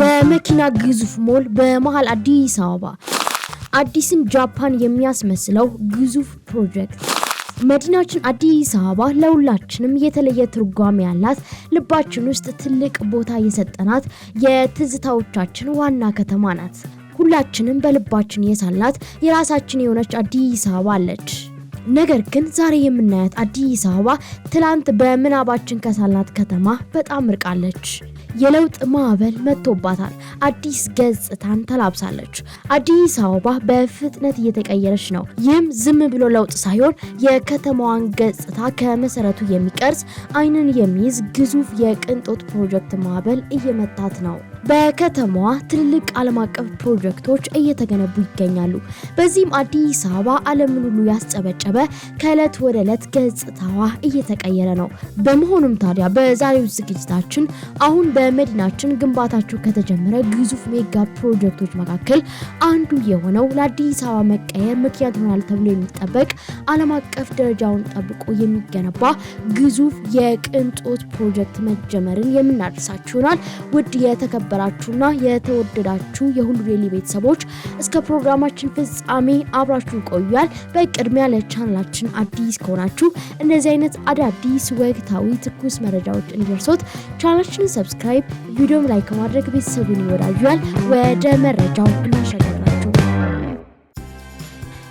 የመኪና ግዙፍ ሞል በመሀል አዲስ አበባ አዲስን ጃፓን የሚያስመስለው ግዙፍ ፕሮጀክት መዲናችን አዲስ አበባ ለሁላችንም የተለየ ትርጓሜ ያላት ልባችን ውስጥ ትልቅ ቦታ የሰጠናት የትዝታዎቻችን ዋና ከተማ ናት። ሁላችንም በልባችን የሳላት የራሳችን የሆነች አዲስ አበባ አለች። ነገር ግን ዛሬ የምናያት አዲስ አበባ ትላንት በምናባችን ከሳልናት ከተማ በጣም ርቃለች። የለውጥ ማዕበል መጥቶባታል። አዲስ ገጽታን ተላብሳለች። አዲስ አበባ በፍጥነት እየተቀየረች ነው። ይህም ዝም ብሎ ለውጥ ሳይሆን የከተማዋን ገጽታ ከመሰረቱ የሚቀርጽ አይንን የሚይዝ ግዙፍ የቅንጦት ፕሮጀክት ማዕበል እየመታት ነው። በከተማዋ ትልልቅ ዓለም አቀፍ ፕሮጀክቶች እየተገነቡ ይገኛሉ። በዚህም አዲስ አበባ ዓለምን ሁሉ ያስጨበጨበ ከእለት ወደ ዕለት ገጽታዋ እየተቀየረ ነው። በመሆኑም ታዲያ በዛሬው ዝግጅታችን አሁን በመዲናችን ግንባታቸው ከተጀመረ ግዙፍ ሜጋ ፕሮጀክቶች መካከል አንዱ የሆነው ለአዲስ አበባ መቀየር ምክንያት ይሆናል ተብሎ የሚጠበቅ ዓለም አቀፍ ደረጃውን ጠብቆ የሚገነባ ግዙፍ የቅንጦት ፕሮጀክት መጀመርን የምናደርሳችሁ ይሆናል ውድ የተከበ የተከበራችሁና የተወደዳችሁ የሁሉ ዴይሊ ቤተሰቦች እስከ ፕሮግራማችን ፍጻሜ አብራችሁ ቆያል። በቅድሚያ ለቻናላችን አዲስ ከሆናችሁ እንደዚህ አይነት አዳዲስ ወቅታዊ ትኩስ መረጃዎች እንዲደርሶት ቻናላችንን ሰብስክራይብ፣ ቪዲዮም ላይ ከማድረግ ቤተሰቡን ይወዳጁያል። ወደ መረጃው እናሸጋል።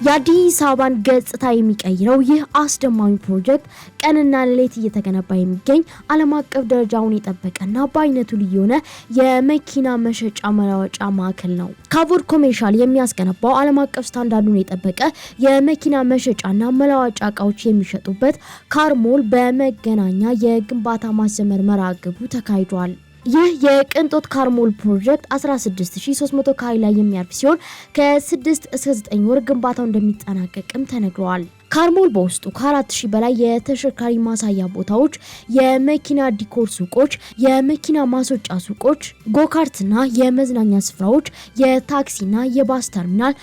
የአዲስ አበባን ገጽታ የሚቀይረው ይህ አስደማሚ ፕሮጀክት ቀንና ሌሊት እየተገነባ የሚገኝ ዓለም አቀፍ ደረጃውን የጠበቀና በአይነቱ ልዩ የሆነ የመኪና መሸጫ መለዋወጫ ማዕከል ነው። ካቮድ ኮሜርሻል የሚያስገነባው ዓለም አቀፍ ስታንዳርዱን የጠበቀ የመኪና መሸጫና መለዋወጫ እቃዎች የሚሸጡበት ካርሞል በመገናኛ የግንባታ ማስጀመር መርሃ ግብሩ ተካሂዷል። ይህ የቅንጦት ካርሞል ፕሮጀክት 16300 ካሬ ላይ የሚያርፍ ሲሆን ከ6 እስከ 9 ወር ግንባታው እንደሚጠናቀቅም ተነግረዋል። ካርሞል በውስጡ ከአራት ሺህ በላይ የተሽከርካሪ ማሳያ ቦታዎች፣ የመኪና ዲኮር ሱቆች፣ የመኪና ማስወጫ ሱቆች፣ ጎካርትና የመዝናኛ ስፍራዎች፣ የታክሲና የባስ ተርሚናል፣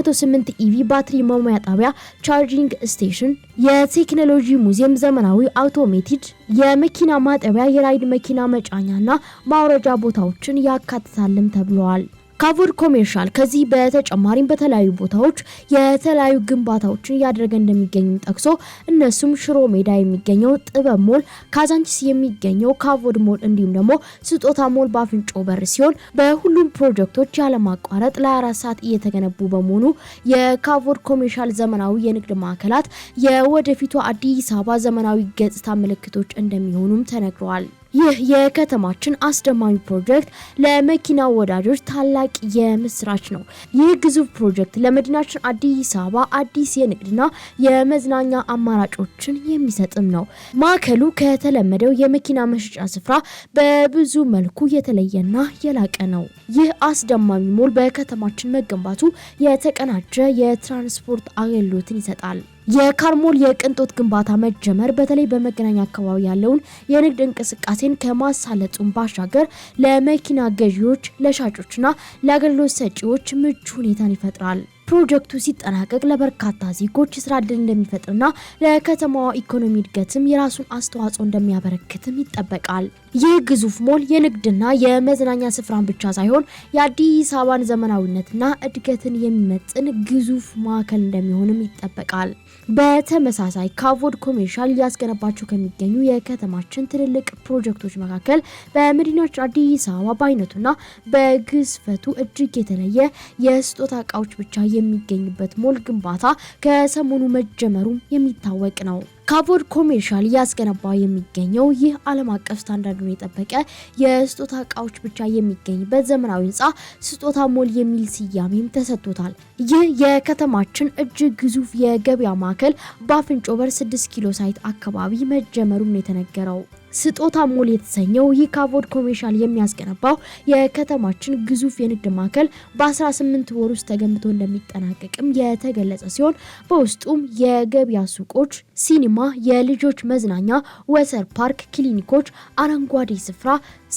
108 ኢቪ ባትሪ መሙያ ጣቢያ፣ ቻርጂንግ ስቴሽን፣ የቴክኖሎጂ ሙዚየም፣ ዘመናዊ አውቶሜቲድ የመኪና ማጠቢያ፣ የራይድ መኪና መጫኛና ማውረጃ ቦታዎችን ያካትታልም ተብለዋል። ካቮድ ኮሜርሻል ከዚህ በተጨማሪም በተለያዩ ቦታዎች የተለያዩ ግንባታዎችን እያደረገ እንደሚገኝም ጠቅሶ እነሱም ሽሮ ሜዳ የሚገኘው ጥበብ ሞል፣ ካዛንቺስ የሚገኘው ካቮድ ሞል እንዲሁም ደግሞ ስጦታ ሞል በአፍንጮ በር ሲሆን በሁሉም ፕሮጀክቶች ያለማቋረጥ ለ ሰዓት እየተገነቡ በመሆኑ የካቮድ ኮሜርሻል ዘመናዊ የንግድ ማዕከላት የወደፊቱ አዲስ አበባ ዘመናዊ ገጽታ ምልክቶች እንደሚሆኑም ተነግረዋል። ይህ የከተማችን አስደማሚ ፕሮጀክት ለመኪና ወዳጆች ታላቅ የምስራች ነው። ይህ ግዙፍ ፕሮጀክት ለመዲናችን አዲስ አበባ አዲስ የንግድና የመዝናኛ አማራጮችን የሚሰጥም ነው። ማዕከሉ ከተለመደው የመኪና መሸጫ ስፍራ በብዙ መልኩ የተለየና የላቀ ነው። ይህ አስደማሚ ሞል በከተማችን መገንባቱ የተቀናጀ የትራንስፖርት አገልግሎትን ይሰጣል። የካርሞል የቅንጦት ግንባታ መጀመር በተለይ በመገናኛ አካባቢ ያለውን የንግድ እንቅስቃሴን ከማሳለጡን ባሻገር ለመኪና ገዢዎች፣ ለሻጮችና ለአገልግሎት ሰጪዎች ምቹ ሁኔታን ይፈጥራል። ፕሮጀክቱ ሲጠናቀቅ ለበርካታ ዜጎች ስራ እድል እንደሚፈጥርና ለከተማዋ ኢኮኖሚ እድገትም የራሱን አስተዋጽኦ እንደሚያበረክትም ይጠበቃል። ይህ ግዙፍ ሞል የንግድና የመዝናኛ ስፍራን ብቻ ሳይሆን የአዲስ አበባን ዘመናዊነትና እድገትን የሚመጥን ግዙፍ ማዕከል እንደሚሆንም ይጠበቃል። በተመሳሳይ ካቮድ ኮሜርሻል ሊያስገነባቸው ከሚገኙ የከተማችን ትልልቅ ፕሮጀክቶች መካከል በመዲናች አዲስ አበባ በአይነቱና በግዝፈቱ እጅግ የተለየ የስጦታ እቃዎች ብቻ የሚገኙበት ሞል ግንባታ ከሰሞኑ መጀመሩም የሚታወቅ ነው። ካቦድ ኮሜርሻል እያስገነባ የሚገኘው ይህ ዓለም አቀፍ ስታንዳርዱን የጠበቀ የስጦታ እቃዎች ብቻ የሚገኝበት ዘመናዊ ህንፃ ስጦታ ሞል የሚል ስያሜም ተሰጥቶታል። ይህ የከተማችን እጅግ ግዙፍ የገበያ ማዕከል በአፍንጮ በር 6 ኪሎ ሳይት አካባቢ መጀመሩም ነው የተነገረው። ስጦታ ሞል የተሰኘው ይህ ካቮድ ኮሜርሻል የሚያስገነባው የከተማችን ግዙፍ የንግድ ማዕከል በ18 ወር ውስጥ ተገንብቶ እንደሚጠናቀቅም የተገለጸ ሲሆን በውስጡም የገበያ ሱቆች፣ ሲኒማ፣ የልጆች መዝናኛ፣ ወተር ፓርክ፣ ክሊኒኮች፣ አረንጓዴ ስፍራ፣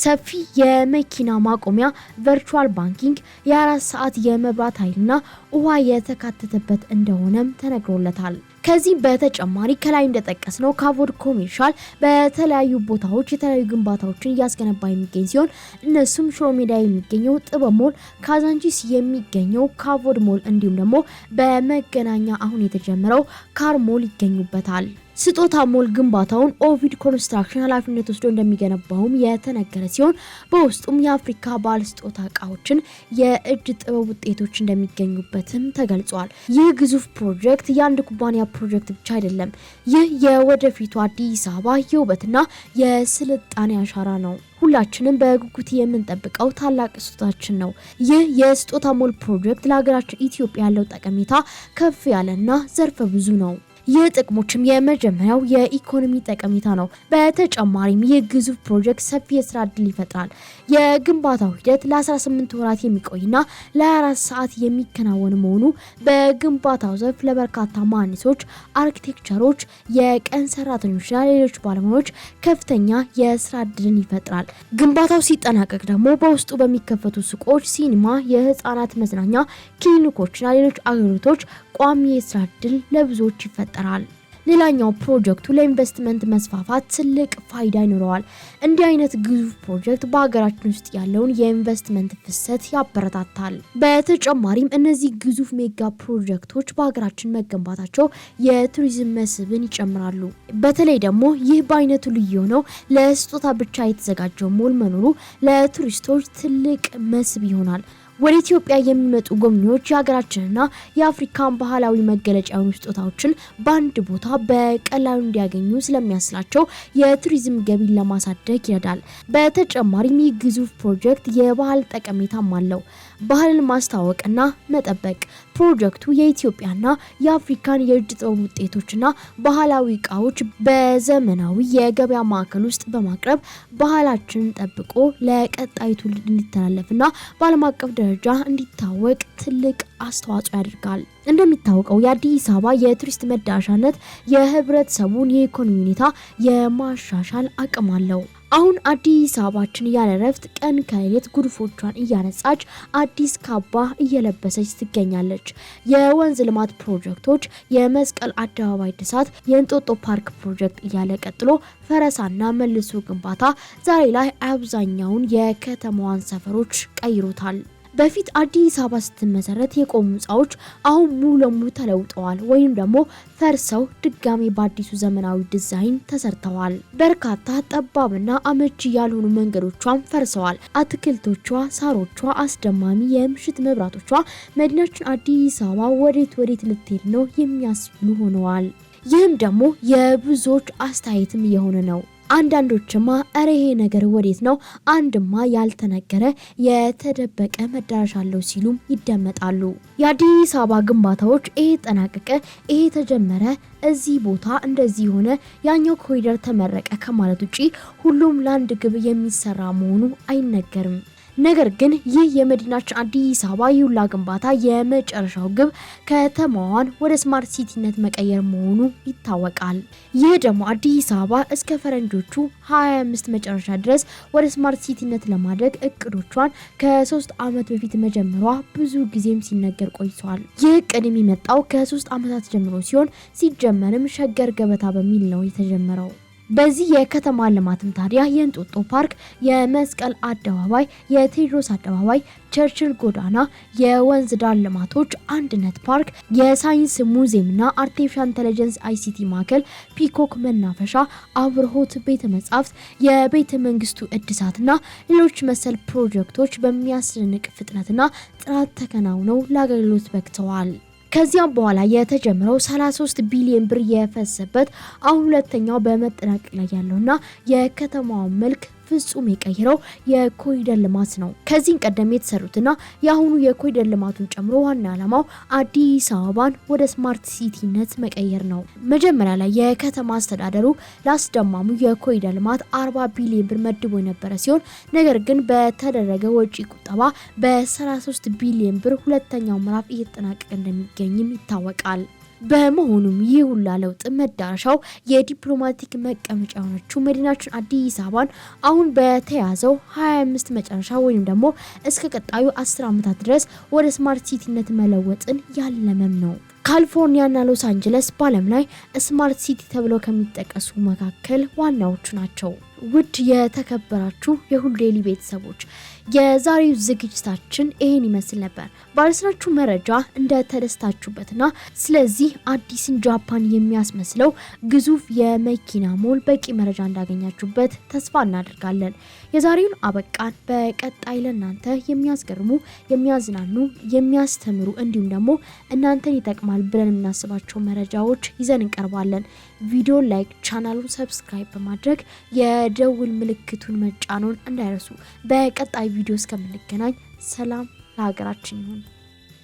ሰፊ የመኪና ማቆሚያ፣ ቨርቹዋል ባንኪንግ፣ የአራት ሰዓት የመብራት ኃይልና ውሃ የተካተተበት እንደሆነም ተነግሮለታል። ከዚህ በተጨማሪ ከላይ እንደጠቀስ ነው ካቮድ ኮሜርሻል በተለያዩ ቦታዎች የተለያዩ ግንባታዎችን እያስገነባ የሚገኝ ሲሆን እነሱም ሽሮ ሜዳ የሚገኘው ጥበብ ሞል፣ ካዛንቺስ የሚገኘው ካቮድ ሞል እንዲሁም ደግሞ በመገናኛ አሁን የተጀመረው ካር ሞል ይገኙበታል። ስጦታ ሞል ግንባታውን ኦቪድ ኮንስትራክሽን ኃላፊነት ወስዶ እንደሚገነባውም የተነገረ ሲሆን በውስጡም የአፍሪካ ባል ስጦታ እቃዎችን፣ የእጅ ጥበብ ውጤቶች እንደሚገኙበትም ተገልጿል። ይህ ግዙፍ ፕሮጀክት የአንድ ኩባንያ ፕሮጀክት ብቻ አይደለም። ይህ የወደፊቱ አዲስ አበባ የውበትና የስልጣኔ አሻራ ነው። ሁላችንም በጉጉት የምንጠብቀው ታላቅ ስጦታችን ነው። ይህ የስጦታ ሞል ፕሮጀክት ለሀገራችን ኢትዮጵያ ያለው ጠቀሜታ ከፍ ያለና ዘርፈ ብዙ ነው። ይህ ጥቅሞችም የመጀመሪያው የኢኮኖሚ ጠቀሜታ ነው። በተጨማሪም ይህ ግዙፍ ፕሮጀክት ሰፊ የስራ እድል ይፈጥራል። የግንባታው ሂደት ለ18 ወራት የሚቆይና ለ24 ሰዓት የሚከናወን መሆኑ በግንባታው ዘርፍ ለበርካታ ማኒሶች አርኪቴክቸሮች፣ የቀን ሰራተኞችና ሌሎች ባለሙያዎች ከፍተኛ የስራ እድልን ይፈጥራል። ግንባታው ሲጠናቀቅ ደግሞ በውስጡ በሚከፈቱ ሱቆች፣ ሲኒማ፣ የህፃናት መዝናኛ፣ ክሊኒኮችና ሌሎች አገልግሎቶች ቋሚ የስራ እድል ለብዙዎች ይፈጥራል። ይፈጠራል። ሌላኛው ፕሮጀክቱ ለኢንቨስትመንት መስፋፋት ትልቅ ፋይዳ ይኖረዋል። እንዲህ አይነት ግዙፍ ፕሮጀክት በሀገራችን ውስጥ ያለውን የኢንቨስትመንት ፍሰት ያበረታታል። በተጨማሪም እነዚህ ግዙፍ ሜጋ ፕሮጀክቶች በሀገራችን መገንባታቸው የቱሪዝም መስህብን ይጨምራሉ። በተለይ ደግሞ ይህ በአይነቱ ልዩ የሆነው ለስጦታ ብቻ የተዘጋጀው ሞል መኖሩ ለቱሪስቶች ትልቅ መስህብ ይሆናል። ወደ ኢትዮጵያ የሚመጡ ጎብኚዎች የሀገራችንና የአፍሪካን ባህላዊ መገለጫ የሆኑ ስጦታዎችን በአንድ ቦታ በቀላሉ እንዲያገኙ ስለሚያስችላቸው የቱሪዝም ገቢን ለማሳደግ ይረዳል። በተጨማሪም ይህ ግዙፍ ፕሮጀክት የባህል ጠቀሜታም አለው። ባህልን ማስተዋወቅና መጠበቅ ፕሮጀክቱ የኢትዮጵያና የአፍሪካን የእጅ ጥበብ ውጤቶችና ባህላዊ እቃዎች በዘመናዊ የገበያ ማዕከል ውስጥ በማቅረብ ባህላችንን ጠብቆ ለቀጣዩ ትውልድ እንዲተላለፍና በዓለም አቀፍ ደረጃ እንዲታወቅ ትልቅ አስተዋጽኦ ያደርጋል። እንደሚታወቀው የአዲስ አበባ የቱሪስት መዳረሻነት የህብረተሰቡን የኢኮኖሚ ሁኔታ የማሻሻል አቅም አለው። አሁን አዲስ አበባችን ያለ እረፍት ቀን ከሌሊት ጉድፎቿን እያነጻች አዲስ ካባ እየለበሰች ትገኛለች። የወንዝ ልማት ፕሮጀክቶች፣ የመስቀል አደባባይ እድሳት፣ የእንጦጦ ፓርክ ፕሮጀክት እያለ ቀጥሎ ፈረሳና መልሶ ግንባታ ዛሬ ላይ አብዛኛውን የከተማዋን ሰፈሮች ቀይሮታል። በፊት አዲስ አበባ ስትመሰረት የቆሙ ህንፃዎች አሁን ሙሉ ለሙሉ ተለውጠዋል ወይም ደግሞ ፈርሰው ድጋሚ በአዲሱ ዘመናዊ ዲዛይን ተሰርተዋል። በርካታ ጠባብና አመቺ ያልሆኑ መንገዶቿም ፈርሰዋል። አትክልቶቿ፣ ሳሮቿ፣ አስደማሚ የምሽት መብራቶቿ መዲናችን አዲስ አበባ ወዴት ወዴት ልትሄድ ነው የሚያስብሉ ሆነዋል። ይህም ደግሞ የብዙዎች አስተያየትም የሆነ ነው። አንዳንዶችማ እረ ይሄ ነገር ወዴት ነው? አንድማ ያልተነገረ የተደበቀ መዳረሻ አለው ሲሉም ይደመጣሉ። የአዲስ አበባ ግንባታዎች ይሄ ተጠናቀቀ፣ ይሄ ተጀመረ እዚህ ቦታ እንደዚህ የሆነ ያኛው ኮሪደር ተመረቀ ከማለት ውጪ ሁሉም ለአንድ ግብ የሚሰራ መሆኑ አይነገርም። ነገር ግን ይህ የመዲናችን አዲስ አበባ ይውላ ግንባታ የመጨረሻው ግብ ከተማዋን ወደ ስማርት ሲቲነት መቀየር መሆኑ ይታወቃል። ይህ ደግሞ አዲስ አበባ እስከ ፈረንጆቹ 25 መጨረሻ ድረስ ወደ ስማርት ሲቲነት ለማድረግ እቅዶቿን ከሶስት ዓመት በፊት መጀመሯ ብዙ ጊዜም ሲነገር ቆይቷል። ይህ እቅድ የሚመጣው ከሶስት ዓመታት ጀምሮ ሲሆን ሲጀመርም ሸገር ገበታ በሚል ነው የተጀመረው። በዚህ የከተማ ልማትም ታዲያ የእንጦጦ ፓርክ፣ የመስቀል አደባባይ፣ የቴዎድሮስ አደባባይ፣ ቸርችል ጎዳና፣ የወንዝ ዳር ልማቶች፣ አንድነት ፓርክ፣ የሳይንስ ሙዚየምና አርቲፊሻል ኢንተለጀንስ አይሲቲ ማዕከል፣ ፒኮክ መናፈሻ፣ አብርሆት ቤተ መጻሕፍት፣ የቤተ መንግስቱ እድሳትና ሌሎች መሰል ፕሮጀክቶች በሚያስደንቅ ፍጥነትና ጥራት ተከናውነው ለአገልግሎት በቅተዋል። ከዚያም በኋላ የተጀመረው 33 ቢሊዮን ብር የፈሰበት አሁን ሁለተኛው በመጠናቀቅ ላይ ያለውና የከተማዋ መልክ ፍጹም የቀይረው የኮሪደር ልማት ነው። ከዚህ ቀደም የተሰሩትና የአሁኑ የኮሪደር ልማቱን ጨምሮ ዋና ዓላማው አዲስ አበባን ወደ ስማርት ሲቲነት መቀየር ነው። መጀመሪያ ላይ የከተማ አስተዳደሩ ላስደማሙ የኮሪደር ልማት 40 ቢሊዮን ብር መድቦ የነበረ ሲሆን ነገር ግን በተደረገ ወጪ ቁጠባ በ33 ቢሊዮን ብር ሁለተኛው ምዕራፍ እየተጠናቀቀ እንደሚገኝም ይታወቃል። በመሆኑም ይህ ሁላ ለውጥ መዳረሻው የዲፕሎማቲክ መቀመጫ የሆነችው መዲናችን አዲስ አበባን አሁን በተያዘው 25 መጨረሻ ወይም ደግሞ እስከ ቀጣዩ 10 ዓመታት ድረስ ወደ ስማርት ሲቲነት መለወጥን ያለመም ነው። ካሊፎርኒያና ሎስ አንጀለስ በዓለም ላይ ስማርት ሲቲ ተብለው ከሚጠቀሱ መካከል ዋናዎቹ ናቸው። ውድ የተከበራችሁ የሁሉ ዴይሊ ቤተሰቦች የዛሬው ዝግጅታችን ይህን ይመስል ነበር። ባለስራችሁ መረጃ እንደተደስታችሁበትና ስለዚህ አዲስን ጃፓን የሚያስመስለው ግዙፍ የመኪና ሞል በቂ መረጃ እንዳገኛችሁበት ተስፋ እናደርጋለን። የዛሬውን አበቃን። በቀጣይ ለእናንተ የሚያስገርሙ፣ የሚያዝናኑ፣ የሚያስተምሩ እንዲሁም ደግሞ እናንተን ይጠቅማል ይጠቅማል ብለን የምናስባቸው መረጃዎች ይዘን እንቀርባለን። ቪዲዮ ላይክ፣ ቻናሉን ሰብስክራይብ በማድረግ የደውል ምልክቱን መጫኖን እንዳይረሱ። በቀጣይ ቪዲዮ እስከምንገናኝ ሰላም ለሀገራችን ይሁን።